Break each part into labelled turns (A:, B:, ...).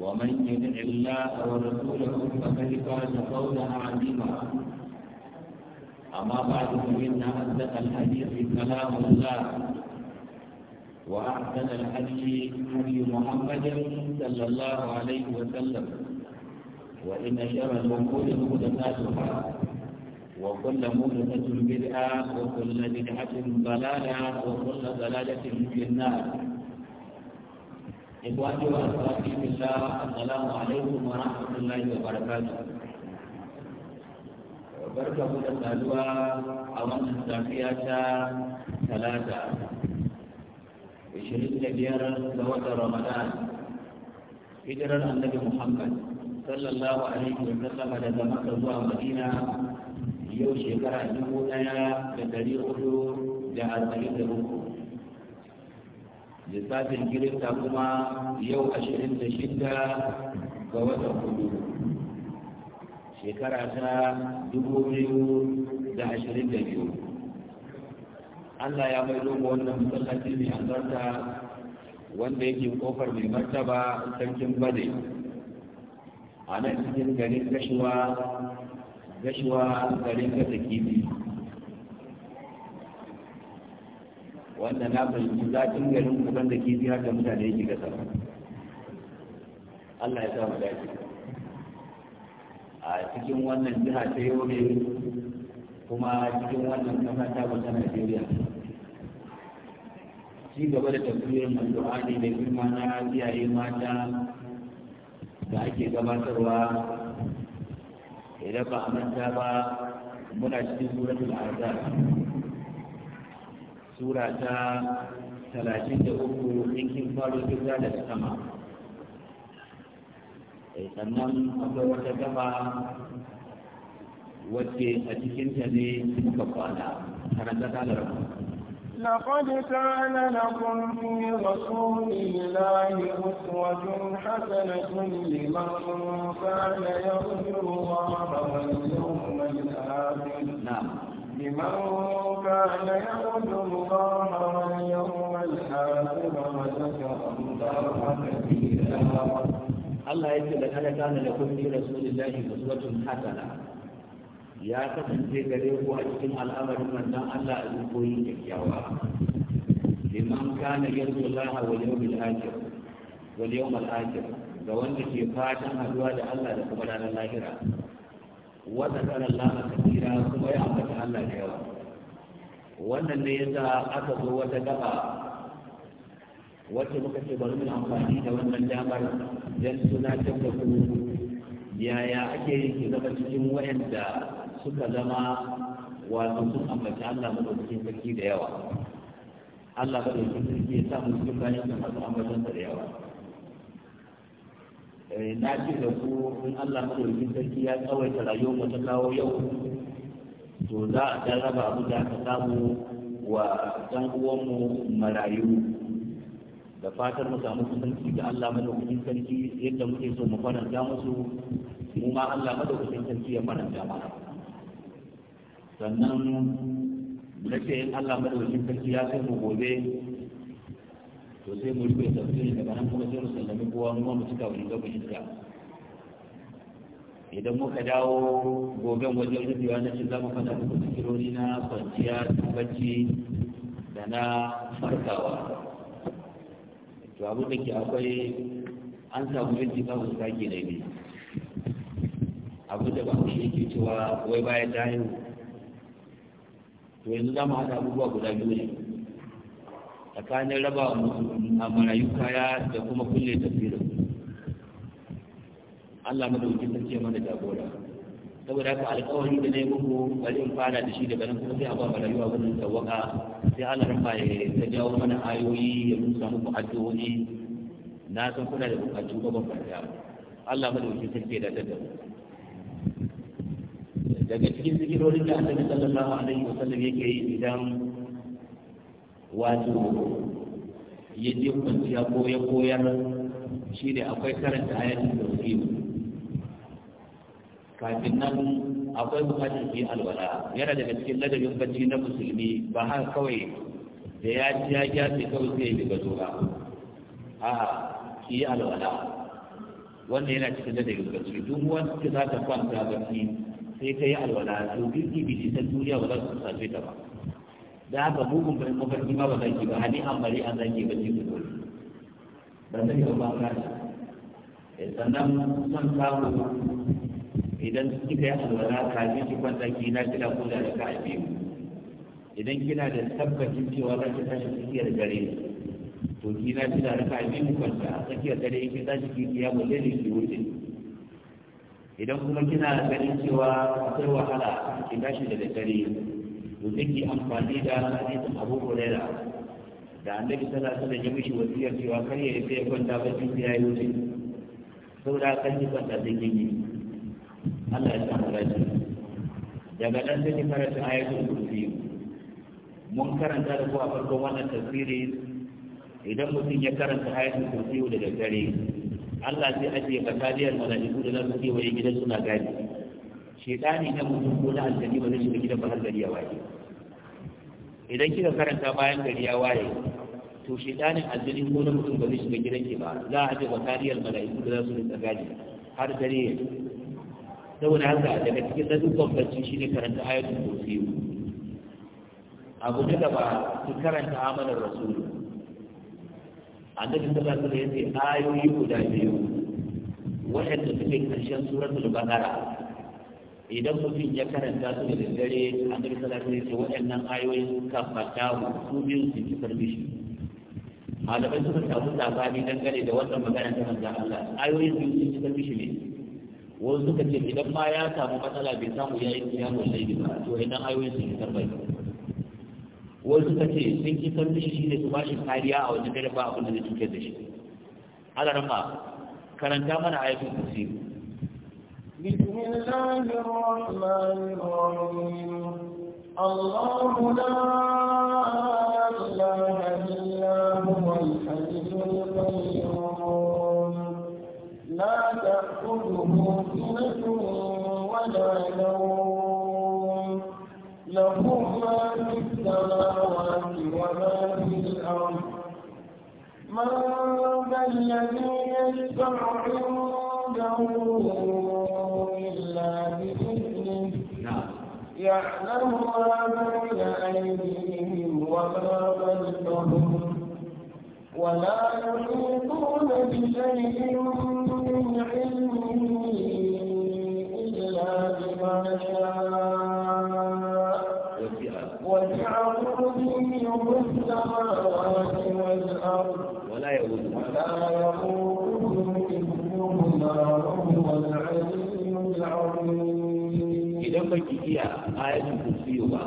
A: ومن يدع الله ورسوله فقد فاز فوزا عظيما أما بعد فإن أصدق الحديث كلام الله وأحسن الحديث هدي محمد صلى الله عليه وسلم وإن شر الأمور محدثاتها وكل محدثة بدعة وكل بدعة ضلالة وكل ضلالة في النار
B: إخواتي وأخواتي في الله السلام عليكم ورحمة الله وبركاته barka mu da saduwa a wannan safiya ta
A: talata 25 ga watan ramadan hijirar annabi muhammad sallallahu alaihi wa sallam daga makka zuwa madina yau shekara dubu ɗaya da dari hudu da arba'in da uku lissafin girka kuma yau ashirin da shida ga watan hudu shekara ta dubu biyu da ashirin da biyu allah ya mai dogo wannan masallaci mai albarka wanda yake kofar mai martaba sarkin bade a nan cikin garin gashuwa
B: gashuwa garin kasa kibi
A: wanda na fahimci zafin garin kuban da ke biya haka mutane yake ga sama Allah ya sa mu dace a cikin wannan jiha ta yobe kuma cikin wannan kasa ta ta Najeriya ci gaba da tafsirin ne da girma na iyaye mata da ake gabatarwa idan ba a manta ba muna cikin suratul azab سورة ثلاثين أبو لكن فارو كذالة أي سنن أبو وتكفى وكي أتكين تني كفالا سنن
B: تتالى
C: لقد كان لكم في رسول الله أسوة حسنة لمن كان يغفر الله واليوم الآخر نعم لمن كان يرجو الله واليوم الآخر وذكر
A: الله كثيرا Allah ya ce da kada kana da kun ji Rasulullahi uswatun hasana ya kasance gare ku a cikin al'amarin manzon Allah a koyi kyakkyawa liman kana yarju Allah wal yawmil akhir wal yawmal akhir ga wanda ke fatan haduwa da Allah da kuma ranar lahira وذكر kuma ya كما Allah da yawa. wannan ne yasa aka zo wata gaba wacce muka ce bari mun amfani da wannan damar don tunatar da ku yaya ake yin ki zama cikin wayanda suka zama wato sun ambaci Allah madaukakin sarki da yawa Allah cikin sarki ya sa mu cikin bayan da masu ambatansa da yawa Eh, na ci da ku in Allah madaukakin sarki ya tsawaita rayuwar ta kawo yau to za a dan raba abu da aka samu wa dan uwanmu marayu da fatan mu samu kusanci da Allah madaukakin sarki yadda muke so mu faranta musu mu ma Allah madaukakin sarki ya faranta mana sannan na ce in Allah madaukakin sarki ya kai mu gobe to sai mu rufe tafsirin daga nan kuma sai mu sallami kowa mu mu cika wani gaba iska idan muka dawo goben wajen rufewa na cin za mu fada muku zikirori na kwanciya tabbaci da na farkawa to abu da ke akwai an samu yin ba mu sake da ne abu da ba mu yake cewa wai bayan dayo to yanzu za mu haɗa abubuwa guda biyu ne tsakanin raba a marayu kaya da kuma kulle tafiya Allah ta ce mana jagora saboda haka alƙawari da na yi muku bari in fara da shi daga nan kuma sai a ba marayu a gudun tawaka sai Allah ran ya ta jawo mana ayoyi ya musa muku addu'o'i na san kuna da bukatu ba ban Allah ta ce da daddawa daga cikin zikirorin da annabi sallallahu alaihi wasallam yake yi idan wato ya je kwanciya ko ya koyar shi ne akwai karanta ayatul tauhid kafin nan akwai bukatar yi alwala yana daga cikin ladabin bacci na musulmi ba har kawai da ya ci ya gyafe kawai sai ya gazo ba a yi alwala wannan yana cikin ladabin bacci duk wanda za ta kwanta bacci sai ka yi alwala to duk ibi ta duniya ba za su sace ta ba da haka bugun bai mafarki ma ba zaki ba hadi an bari an zaki ba ji ko ba zai ba ba ka eh, sannan son samu idan kika yi alwala kafin ki kwanta ki na kira ko da ka biyu idan kina da tabbacin cewa za ki tashi tsakiyar gare to ki na kira da ka biyu kwanta a tsakiyar dare ki tashi ki kiya mu dai ki wuce idan kuma kina ganin cewa akwai wahala ki tashi da dare to take amfani da hadisin Abu Hurairah da annabi sallallahu alaihi wasallam ya mishi wasiyar cewa kar ya rufe kwanta ba cikin yayi wuce saboda kan yi kwanta da yi Allah ya samu rashi daga nan sai karanta ayatul kursi mun karanta da ku a farkon wannan tafsiri idan mutum ya karanta ayatul kursi da daddare Allah zai ajiye kasaliyar malaiku da za su wani gidan suna gadi shedani na mutum ko na aljani ba zai shiga gidan ba har gari ya waje idan kika karanta bayan gari ya waye to shedanin aljini ko na mutum ba zai shiga gidan ba za a ji bakariyar mala'iku da za su rinka gadi har dare ya saboda haka daga cikin dadubban bacci shi ne karanta ayatul kursiyu abu na gaba ki karanta amanar rasulu annabi sallallahu alaihi wasallam ya ce ayoyi guda biyu wa'anda suke karshen suratul baqara idan mutum ya karanta su da daddare an gari salatu ya ce waɗannan ayoyin kafata su biyu su ci farmishi malamai suka samu sabani dangane da wannan magana ta manzan Allah ayoyin biyu sun ci shi ne wasu suka ce idan ma ya samu matsala bai samu ya yi kiyamu laifi ba to idan ayoyin sun ci farmishi wasu suka ce sun ci farmishi shi ne su ba shi kariya a wajen dare ba abin da zai cutar da shi. Alarma, karanta mana ayatul kursiyu
C: بسم الله الرحمن الرحيم الله لا إله إلا هو الحي القيوم لا تأخذه سنة ولا نوم له ما في السماوات وما في الأرض من ذا الذي يشفع عنده يعلم ما بين أيديهم وما خلفهم ولا يحيطون بشيء من علمه إلا بما شاء وسع كرسيه السماوات والأرض ولا يؤوده
A: baki iya ayatul kursi ba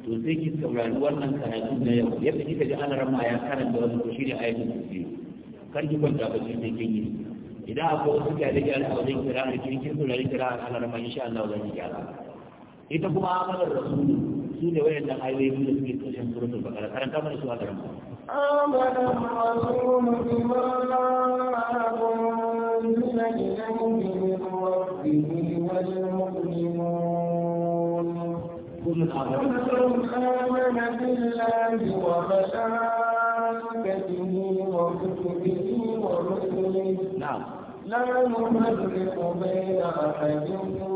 A: to sai ki saurari wannan karatu na yau yadda kika ji ana rama ya karanta wani ko shine ayatul kursi kar ki kwanta ba kin yi idan da gyara a wajen kira da saurari kira insha Allah gyara ita kuma su ne ayoyi da suke su a
C: الرسول بما أنزل إليه من ربه والمؤمنون من آمن بالله وملائكته وكتبه ورسله نعم لا نفرق بين أحد من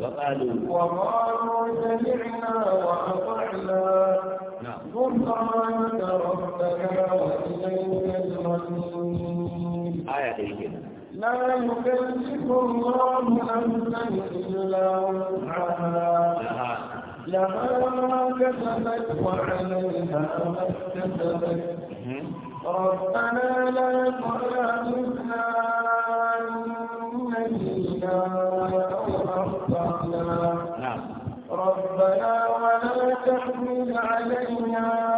C: وقالوا وقالوا سمعنا وأطعنا غفرانك نعم. ربنا وإليك المصير آية ta لا يكلف الله نفسا إلا وسعها لها ما كسبت وعليها ما اكتسبت ربنا لا تؤاخذنا إن نسينا أو أخطأنا نعم. ربنا ولا تحمل علينا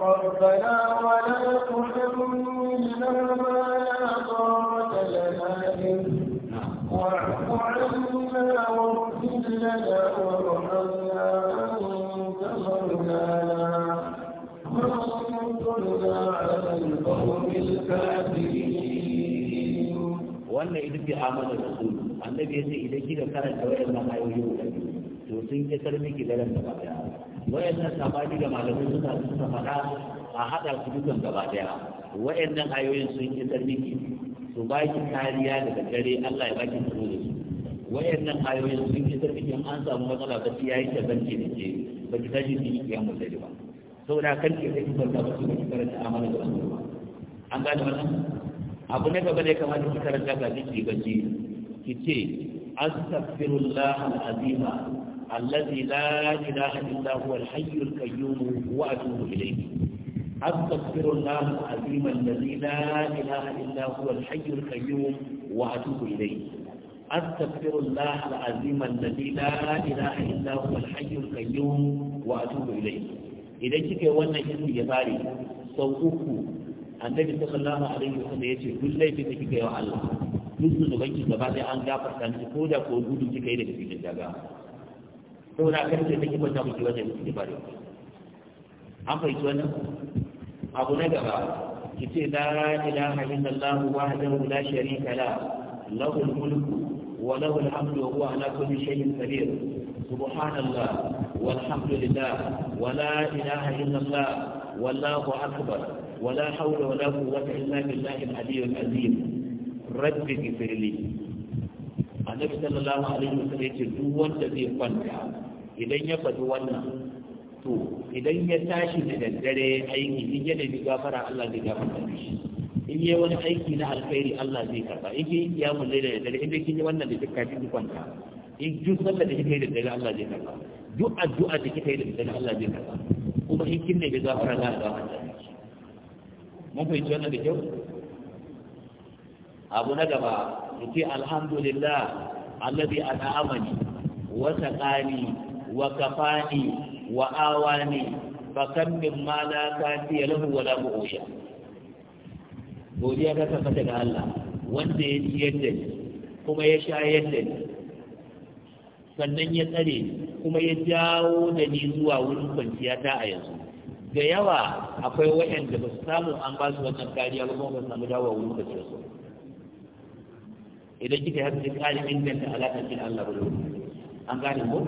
C: ربنا ولا تحملنا ما لا طاقة لنا به واعف عنا واغفر لنا وارحمنا أنت مولانا وانصرنا على القوم
B: الكافرين.
A: وأن إذا في آمن الرسول النبي يقول إذا كنا كانت دولة ما يوجد ke sun ki da ran gaba daya wayannan sabani da malamai ta suka faɗa a hada su dukan gaba daya wayannan ayoyin sun kisar miki su baki kariya daga dare Allah ya baki tsaro da su wayannan ayoyin sun sarmi ki an samu matsala ta ya yi ta zance da ke ba ki tashi ki yi kiyamun dare ba saboda kan ki sai ki ta ba ki karanta amana da ba an gane wannan abu na gaba ne kamar ki karanta ga ki bacci ki ce astaghfirullah al-azima allazi la ilaha illa huwa al-hayyul qayyum wa أستغفر الله العظيم الذي لا إله إلا هو الحي القيوم وأتوب إليه أستغفر الله العظيم الذي لا إله إلا هو الحي القيوم وأتوب إليه idan kike wannan ismi ya fare sau uku annabi sallallahu alaihi wasallam yace duk laifi da kika yi wa Allah duk zunuban ki gaba sai an gafarta ki ko da gudu kika yi daga cikin daga saboda kan ce take kwanta miki wajen miki bare an fahimci wannan abu na gaba ki ce la ilaha illallah wahdahu la sharika la lahu al-mulk wa lahu al-hamdu wa huwa ala kulli shay'in qadir subhanallah walhamdulillah wa la ilaha illallah wallahu akbar ولا حول ولا قوة إلا بالله العلي العظيم رب اغفر لي annabi sallallahu alaihi wasallam yace duk wanda zai kwanta idan ya faɗi wannan to idan ya tashi da daddare aiki in ya nemi gafara Allah zai gafara shi in yi wani aiki na alkhairi Allah zai karba in yi kiyamun laila da dare in kin yi wannan da kika ji kwanta in duk sallar da kika yi da dare Allah zai karba duk addu'a da kika yi da dare Allah zai karba kuma in kin ne da gafara Allah zai gafarta mun fahimci wannan da kyau abu na gaba ce alhamdulillah alladhi an'amani wa saqani wa kafani wa awani fa kam min ma la lahu wa la mu'sha godiya ga tabbata ga Allah wanda ya ci yadda kuma ya sha yadda sannan ya tsare kuma ya jawo da ni zuwa wurin kwanciya ta a yanzu da yawa akwai waɗanda ba su samu an ba su wannan kariya ba kuma ba su samu dawowa wurin kwanciya su idan kika haka sai ƙari inganta alaƙar ki Allah ba an gane ko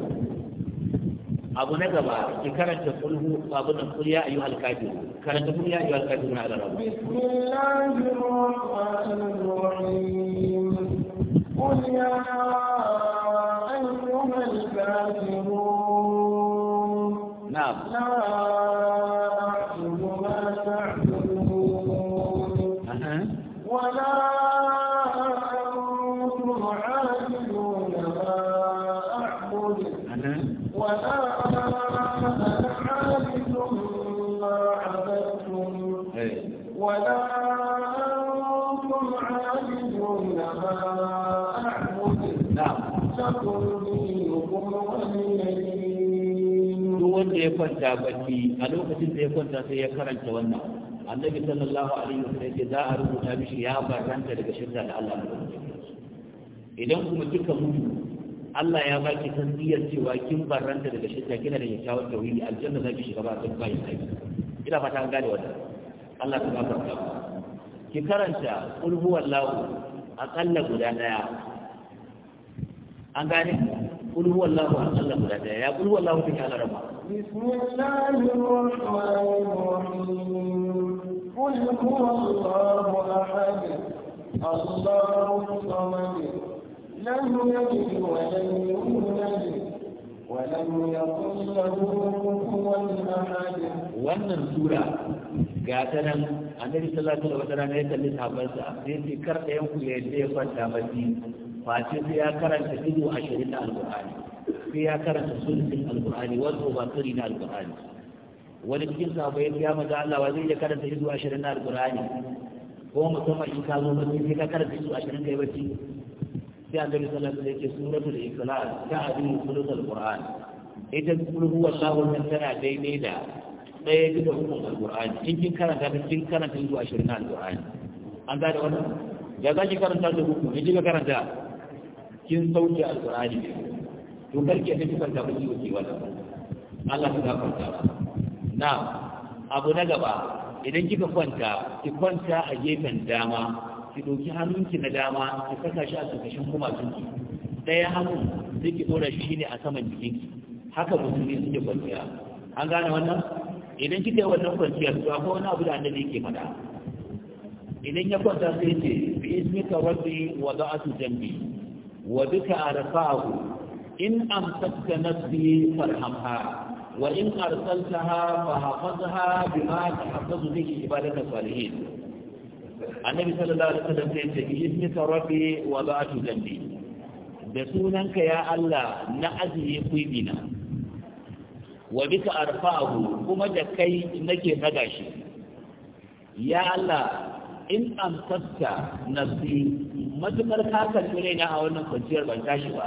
A: abu na gaba ki karanta kulhu babu da kulya ayu alkafi karanta kulya ayu alkafi na da rabu
C: bismillahir rahmanir rahim qul ya ayyuhal kafirun na'am تكن دينكم غنيا duk
A: wanda ya kwanta bacci a lokacin da ya kwanta sai ya karanta wannan annabi sallallahu alaihi wa ya za a rubuta mishi ya baranta daga shirka da Allah idan kuma kika mutu Allah ya baki tasbiyar cewa kin baranta daga shirka kina da kyakkyawar tauhidi aljanna za ki shiga ba ta bayin kai ina fata an gane wannan Allah ta baka ki karanta qul huwallahu aqalla guda daya an gane kul huwa Allahu an Allah guda daya ya kul huwa Allahu fi kana rabba
C: bismillahir rahmanir rahim kul huwa Allahu ahad Allahu samad lam yalid wa lam yulad wa lam yakul lahu kufuwan ahad wannan
A: sura ga ta nan annabi sallallahu alaihi wasallam ya kalli sahabbansa sai ce kar da yanku ya yadda ya kwanta mafi face sai ya karanta dubu ashirin na Alƙur'ani. sai ya karanta sulhin alqur'ani wato bakari na Alƙur'ani. wani cikin sahabbai ya maza Allah wa zai ya karanta dubu ashirin na Alƙur'ani? ko musamman in ka zo mafi sai ka karanta dubu ashirin kai mafi sai annabi sallallahu alaihi wasallam ya ce suratul ikhlas ta abin suratul qur'an ita kullu huwa tana daidai da ɗaya bisa hukun alƙur'ani in kin karanta ta kin karanta zuwa ashirin na alƙur'ani an gane wannan ya za ki karanta da hukun in kika karanta kin sauke alƙur'ani to karki yadda kika karanta ba ki wuce wata Allah ta gafarta na abu na gaba idan kika kwanta ki kwanta a gefen dama ki ɗauki hannunki na dama ki saka shi a tsakashin tuki ɗaya hannun zai ki ɗora shi ne a saman jikinki haka ne suke kwanciya an gane wannan idan kika yi wannan kwanciyar to ko wani abu da annabi yake faɗa idan ya kwanta sai ce bi ismika rabbi wa da'atu jambi wa bika arfa'u in amsakta nafsi farhamha wa in arsaltaha fa hafazha bima tahaffazu bihi ibadatu salihin annabi sallallahu alaihi wasallam sai ce bi ismika rabbi wa da'atu jambi da sunanka ya Allah na ajiye kuibina wa arfa arfahu kuma da kai nake naga shi ya Allah in amsakta nafsi matukar ka karbi na a wannan kwanciyar ban tashi ba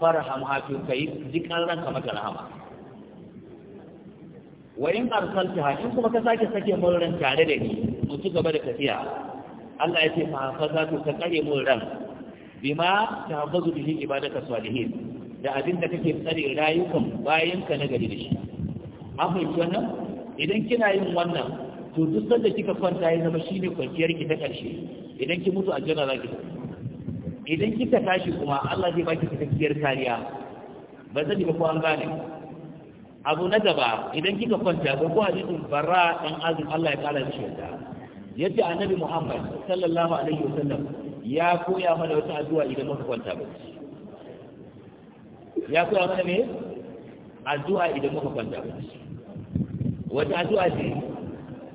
A: farham hafi kai jikan ranka maka rahama wa in ha in kuma ka sake sake mun tare da ni mu ci gaba da tafiya Allah ya ce fa fa za ka kare mun bima ta bazu bihi ibadatu salihin da abin da kake tsare rayukan bayan ka na gari da shi an fahimci wannan idan kina yin wannan to duk sanda kika kwanta ya zama shine kwanciyar ki ta ƙarshe idan ki mutu aljanna za ki idan kika tashi kuma Allah zai baki cikakkiyar kariya ba zai ba ko an gane abu na gaba idan kika kwanta ko ko hadisin barra dan azum Allah ya kara shi da yadda annabi Muhammad sallallahu alaihi wasallam ya koya mana wata addu'a idan muka kwanta ba. ya koya mana ne addu'a idan muka kwanta wata addu'a ce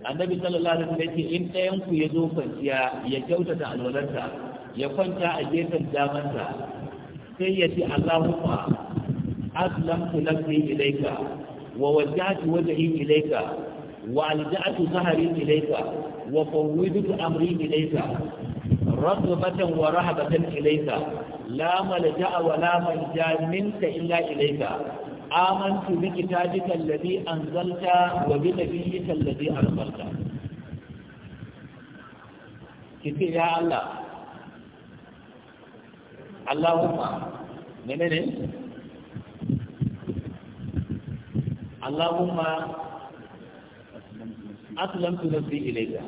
A: annabi sallallahu alaihi wasallam yake in ɗayan ku ya zo kwanciya ya kyautata alwalarsa ya kwanta a gefen damansa sai ya ce Allahumma ku nafsi ilaika wa wajjahtu wajhi ilaika wa alja'atu zahari ilaika wa fawwidu amri ilaika rahmatan wa rahmatan ilayka la malja wa la manja minka illa ilayka amantu bi kitabika alladhi anzalta wa bi nabiyyika alladhi arsalta kiti ya allah allahumma menene
B: allahumma
A: tu nafsi ilayka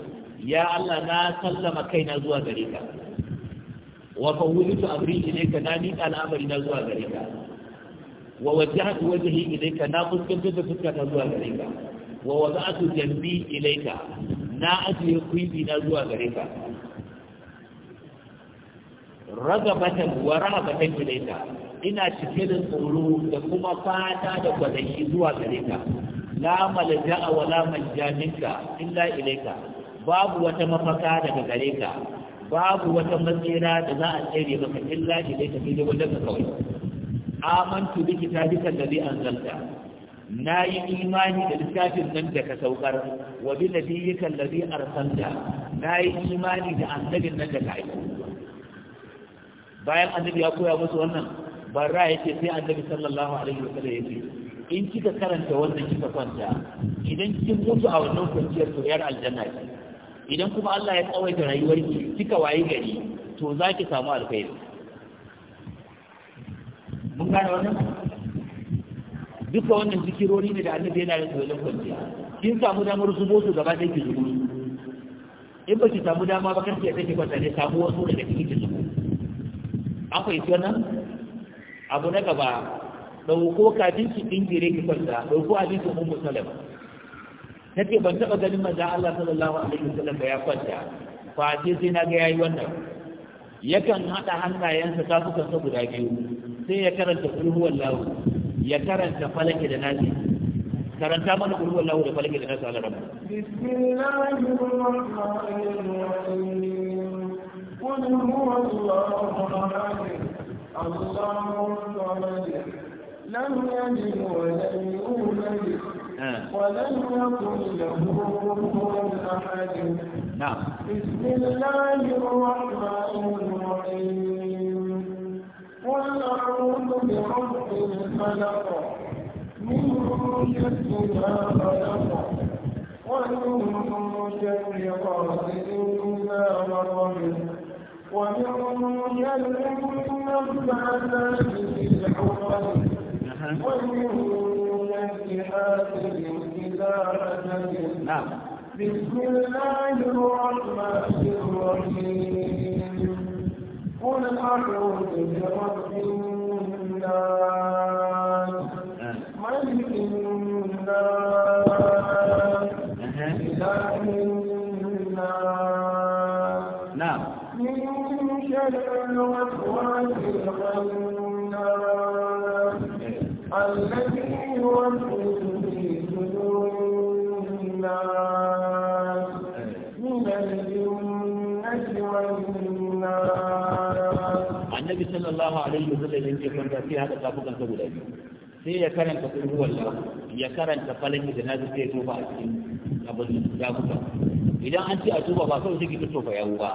A: ya Allah na sallama kaina zuwa gare ka wa fawwitu amri ilayka na ni al'amari na zuwa gare ka wa wajjahtu wajhi ilayka na fuskantar da ta zuwa gare ka wa wada'tu janbi ilayka na ajiye kuibi na zuwa gare ka ragabatan wa rahabatan ilayka ina cike da tsoro da kuma fata da kwadayi zuwa gare ka la malja'a wa la manja minka illa ilayka babu wata mafaka daga gare ka babu wata matsira da za a tsere maka illa ilayka sai dai wajen ka kawai amantu bi kitabika alladhi anzalta na yi imani da littafin nan da ka saukar wa bi nabiyyika alladhi arsalta na yi imani da annabin nan da ka aiko bayan annabi ya koya musu wannan barra yake sai annabi sallallahu alaihi wa sallam yake in kika karanta wanda kika kwanta idan kin mutu a wannan kwanciyar to yar aljanna ce idan kuma Allah ya tsawaita rayuwarki kika waye gari to za ki samu alkhairi
B: mun gane wannan
A: duka wannan zikirori ne da annabi yana da tsoron kwanciya kin samu damar zubo su gaba ɗaya ki zubo in ba ki samu dama ba kan ki take kwanta ne samu wasu daga kike ki zubo an fahimci abu na gaba dauko kafin ki dingire ki kwanta dauko mun ummu na ce ban taɓa ganin manzon Allah sallallahu alaihi wasallam ba ya kwanta fa ce sai na ga yayi wannan yakan haɗa hannayensa tafukan kansa guda biyu sai ya karanta kulhu wallahu ya karanta falaki da nasi karanta mana kulhu wallahu da falaki da nasi Allah rabbi
C: bismillahir rahmanir rahim qul huwallahu ahad Allahus samad لم يلد ولم يولد آه. ولم يكن له كفوا أحد نعم بسم الله الرحمن الرحيم قل أعوذ برب الفلق من شر ما خلق ومن شر غاسق إذا وقب ومن شر النفاثات في العقد نعم بسم الله الرحمن الرحيم قل أعوذ برب الناس ملك الناس إله الناس نعم من شر الوسواس الخناس annabi
A: sallallahu alaihi wasallam yake kwanta sai haka tafukan sa guda biyu sai ya karanta kun huwa ya karanta falaki da nazi sai tofa a cikin abin da kuka idan an ce a tofa ba kawai sai kika tofa ya ba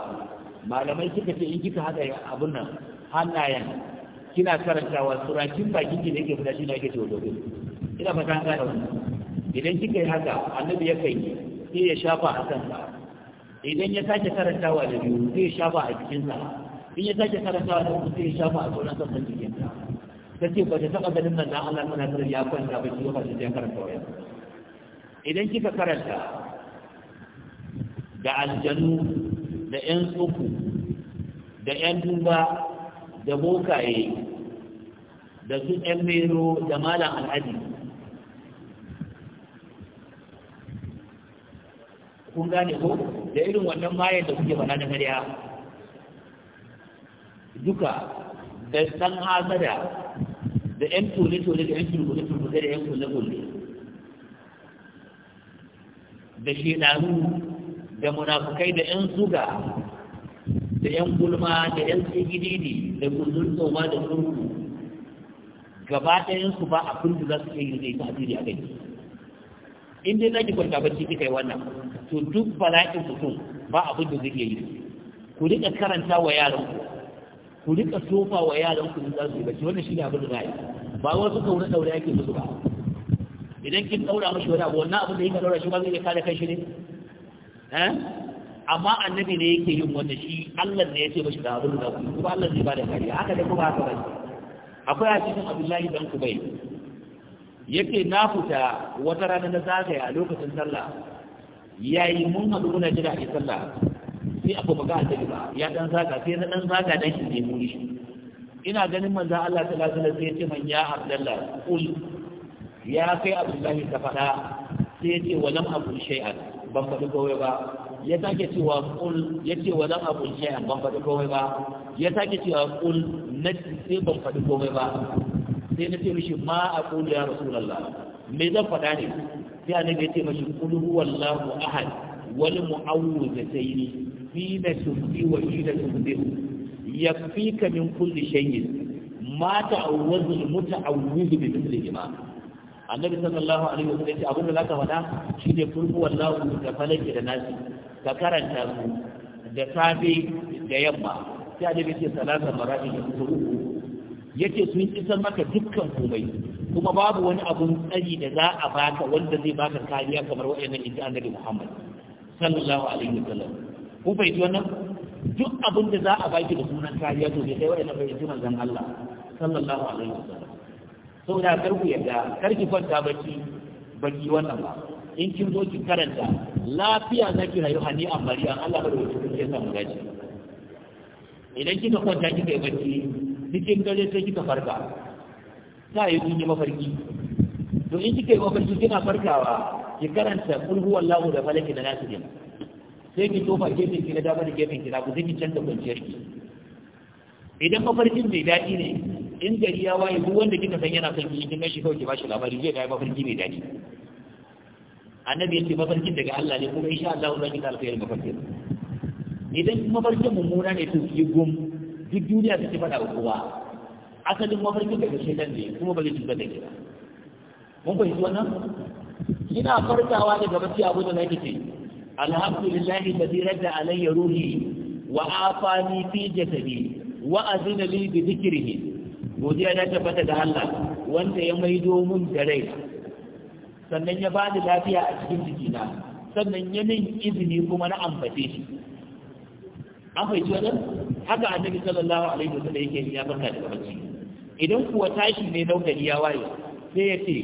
A: malamai suka ce in kika haɗa abin nan hannayen kina karantawa surakin bakin ki da yake fita shi ne yake tofa ina fata an gane wannan idan kika yi haka annabi ya kai sai ya shafa a kansa idan ya sake karantawa da biyu sai ya shafa a jikinsa in ya sake karantawa da biyu sai ya shafa a sauran sassan jikinsa ta ce ba ta taɓa ganin nan dan Allah tana sanar ya kwanta ba ki lokacin da ya karanta waya idan kika karanta da aljanu da ƴan tsoku da ƴan duba da bokaye da su ƴan mero da malam al'adi kun gane ko da irin wannan mayan da kuke bana na ƙarya duka da san hazara da ƴan tole-tole da ƴan turkule-turkule da ƴan kulle-kulle da shedaru da munafukai da ƴan zuga da ƴan gulma da ƴan tsigididi da gudun tsoma da turku gaba su ba a da za su ke yi ita hadiri a gani in dai zaki kwanta bacci kika yi wannan to duk bala'in mutum ba abin da zai yi ku rika karanta wa yaran ku ku rika sofa wa yaran ku in za su yi bacci wannan shine abin da za yi ba wasu wuri daure yake musu ba idan kin daura mashi wani abu wannan abin da yake daura shi ba zai iya kare shi ne eh amma annabi ne yake yin wannan shi Allah ne ya ce mashi da abin da ku ba Allah zai ba da kariya haka da kuma haka ba akwai a cikin Abdullahi dan Kubai yake na fita wata rana na zagaya a lokacin sallah yi mun haɗu muna jira a sallah sai abu ba ga annabi ba ya dan zaga sai na dan zaga dan shi ne muni. ina ganin manzo Allah ta lazala sai ya ce man ya Abdullah kul ya kai Abdullahi ka faɗa sai ya ce walam abu shay'an ban faɗi kawai ba ya sake cewa kul ya ce walam abu shay'an ban faɗi kawai ba ya take cewa kul na sai ban faɗi kawai ba sai na ce mishi ma a ƙulu ya rasulallah me zan faɗa ne sai annabi ya ce mashi qul wallahu ahad wani wal mu'awwidhatayn fi da tufi wa fi da tufi yakfika min kulli shay'in ma ta'awwadhu al muta'awwidhu bi mithlihi ma annabi sallallahu alaihi wasallam ce abin da zaka faɗa shine qul wallahu da falaki da nasi ka karanta su da safe da yamma sai annabi ya ce salatan maratin da uku yace sun isar maka dukkan komai kuma babu wani abun tsari da za a baka wanda zai baka kariya kamar waɗannan inda annabi Muhammad sallallahu alaihi sallam. ku bai wannan duk abin da za a baki da sunan kariya to bai kai waɗannan bai ji manzon Allah sallallahu alaihi wasallam saboda kar ku yarda kar ki kwanta baki baki wannan ba in kin zo ki karanta lafiya zaki rayu hani amariya Allah bai wuce kin san gaji idan kika kwanta kika yi bacci cikin dare sai kika farka ta yi kun yi mafarki to in kike yi mafarki kina farkawa ki karanta kulhu wallahu da falaki da nasu din sai ki tofa gefen ki na dama da gefen ki na ku ki canza kwanciyar ki idan mafarkin mai daɗi ne in gari ya waye duk wanda kika san yana son ki kin gashi kawai ki bashi labari zai ga mafarki mai daɗi annabi ya ce mafarkin daga Allah ne kuma insha Allah zan yi alkhairi mafarkin idan mafarkin mummuna ne to ki gum duk duniya ke faɗa wa kowa asalin mafarkin daga shaitan ne kuma ba zai cutar da ke ba mun fahimci wannan ina farkawa daga bacci abu da nake ce alhamdulillahi alladhi rada alayya ruhi wa afani fi jasadi wa azina li bi zikrihi godiya ta tabbata da Allah wanda ya maido mun da rai sannan ya bani lafiya a cikin jikina sannan ya min izini kuma na ambace shi an fahimci wannan haka a annabi sallallahu alaihi wasallam yake ya farka daga bacci idan kuwa tashi ne daukari ya waye sai ya ce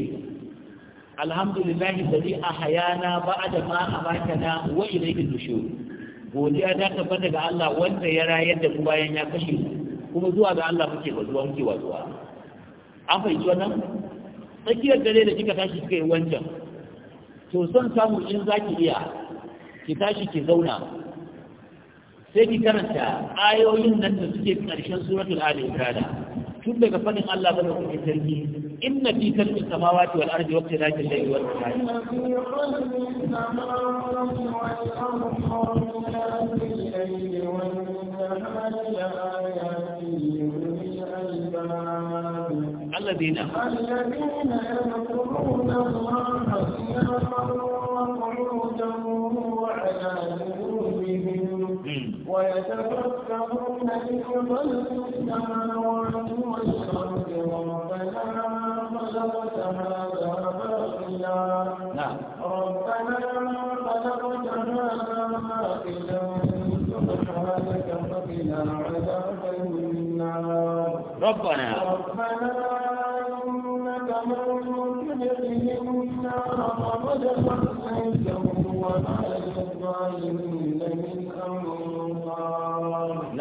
A: alhamdulillahi ba a da ma laifin wa ilayhi nushur godiya ta tabbata daga Allah wanda ya rayar da mu bayan ya kashe mu kuma zuwa ga Allah muke ba, zuwa muke wazuwa an fahimci wannan tsakiyar dare da kika tashi kika yi wancan to son samu in zaki iya ki tashi ki zauna sai karanta ayoyin nan da suke karshen suratul ali imran tun daga fadin Allah bane kuke sarki inna fi khalqis samawati wal ardi wa ikhtilafil layli wan
C: nahari الذين يذكرون الله قياما ويتفكرون في خلق السماوات والأرض ربنا خلقت هذا باطلا ربنا خلقت هذا باطلا سبحانك فقنا عذاب النار ربنا ربنا إنك من يدهم النار فقد خلقتهم وما للظالمين من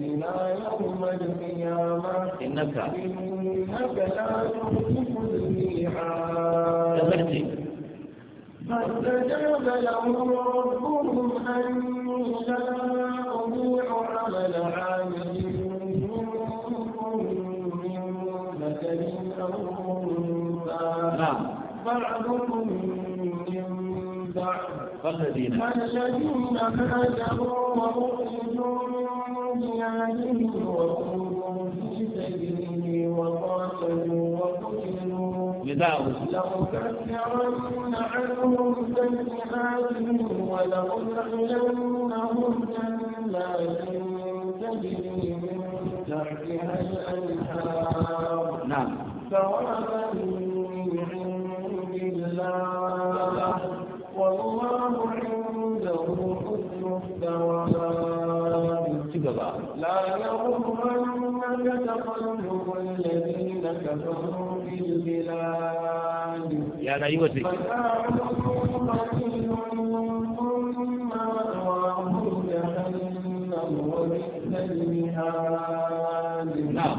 C: إلى يوم القيامة إنك إنك لا تخلف الميعاد فاستجاب لهم ربهم أني لا أضيع عمل عامل منكم من ذكر أو نعم. بعضكم من بعض فالذين فالذين هاجروا وأخرجوا من ديارهم في سبيلي وقاتلوا وقتلوا لأكفرن عنهم سيئاتهم ولأدخلنهم جنات تجري من تحتها الأنهار نعم الذين كفروا في البلاد يا أيوة فآمنوا ثم جهنم المهاد نعم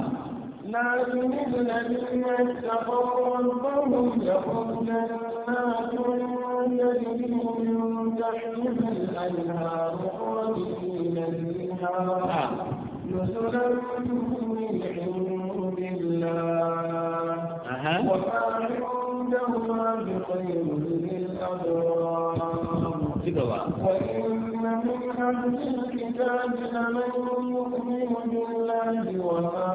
C: لكن الذين اتقوا ربهم لهم جنات تجري من تحتها الأنهار خالدين فيها رسلا من عند الله وما عندهما بخير للأبرار وإن من أهل الكتاب لمن يؤمن بالله وما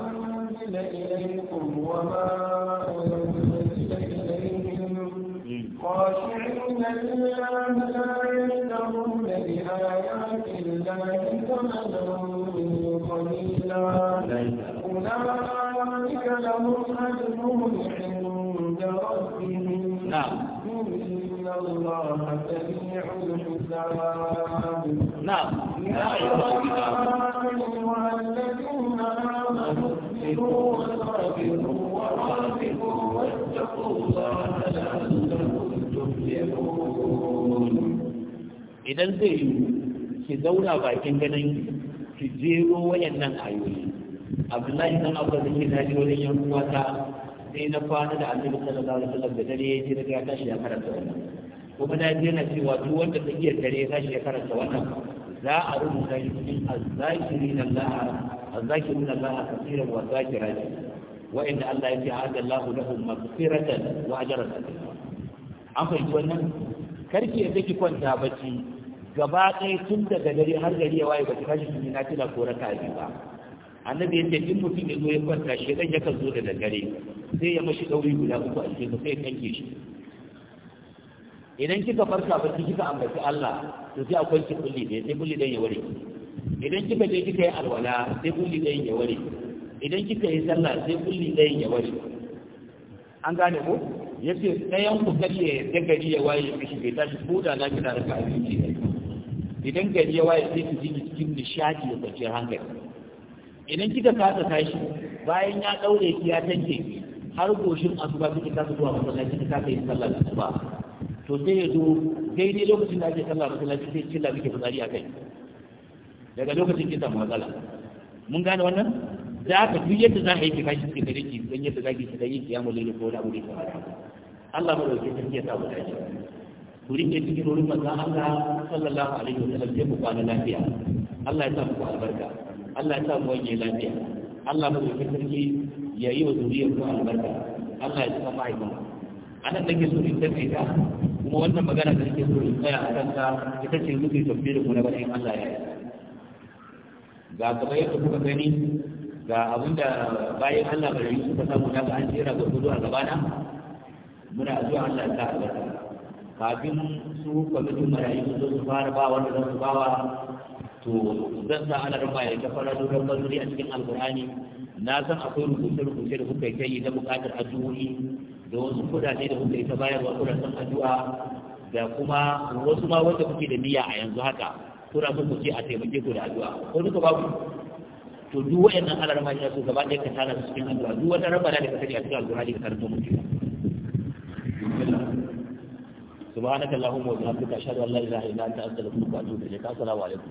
C: أنزل إليكم وما الخلود عند ربهم نعم إن الله سريع الحساب نعم يا نعم. أيها الذين آمنوا اصبروا وصابروا
B: ورابطوا واتقوا الله لعلكم
A: تفلحون إذا زي ki zauna bakin ganin ki jero wayannan ayoyi abdullahi dan abu da ke tashi wajen yan uwata sai na kwana da annabi sallallahu alaihi wasallam da dare ya ce daga ya tashi ya karanta wannan kuma na ji yana cewa duk wanda iya dare ya tashi ya karanta wannan za a rubuta shi cikin azzakirin Allah azzakirin Allah kafiran wa zakirati wa inda Allah ya ce hada Allah lahum maghfiratan wa ajran an fahimci wannan karki ya ki kwanta bacci gaba ɗaya tun daga dare har gari ya waye ba ki tashi cikin na tila ko raka'a ba annabi yace in mutum ya zo ya kwanta shi dan yakan zo da dare sai ya mashi dauri guda uku a cikin sai ya kanke shi idan kika farka ba kika ambaci Allah to sai akwai ki kulli ne sai kulli dan ya ware idan kika je kika yi alwala sai kulli dan ya ware idan kika yi sallah sai kulli dan ya ware an gane ko yace dayan ku kace da gari ya waye kishi bai tashi ko da na kina ka abinci idan gari ya waye sai ku ji cikin nishadi da kwanciyar hankali idan kika kasa tashi bayan ya daure ki ya tanke har goshin asuba kike kasa zuwa masallaci kika kasa yin sallar asuba to sai ya zo daidai lokacin da ake sallar masallaci sai kila kike fitsari a kai daga lokacin ki matsala mun gane wannan da aka duk yadda za a yi kika kashi kika riki ki dan yadda za ki shiga ya mu lalle ko da wuri Allah mu dauke sarki ta sa mu dace ku rike cikin wurin manzon Allah sallallahu alaihi wasallam ya mu kwana lafiya Allah ya sa ku albarka Allah ya sa mu lafiya Allah mu dauki sarki ya yi wa zuriyar kuma albarka Allah ya sa mahaifin ana ke so in tafi ta kuma wannan magana da ke so in tsaya a kanka ita ce muke tafiyar da na bayan Allah ya yi ga kuma yadda kuka gani ga abinda bayan Allah bai yi suka samu na an jera ga gudu a gabana muna zuwa Allah ta albarka kafin su kwamitin marayu su zo su fara ba wanda zan su bawa to zan sa ana rufa ya ta fara dogon bazuri a cikin alkur'ani na san akwai rubuce-rubuce da kuka yi na bukatar addu'o'i da wasu kudade da kuka yi ta bayarwa kuna san addu'a da kuma wasu ma wanda kuke da niyya a yanzu haka kuna son ku ce a taimake ku da addu'a ko duka babu to duk wayannan alarma ya so gaba ɗaya ka tara su cikin addu'a duk wata rabana da ka sani a cikin alkur'ani ka karanto mu سبحانك اللهم وبحمدك اشهد ان لا اله الا انت استغفرك واتوب اليك السلام عليكم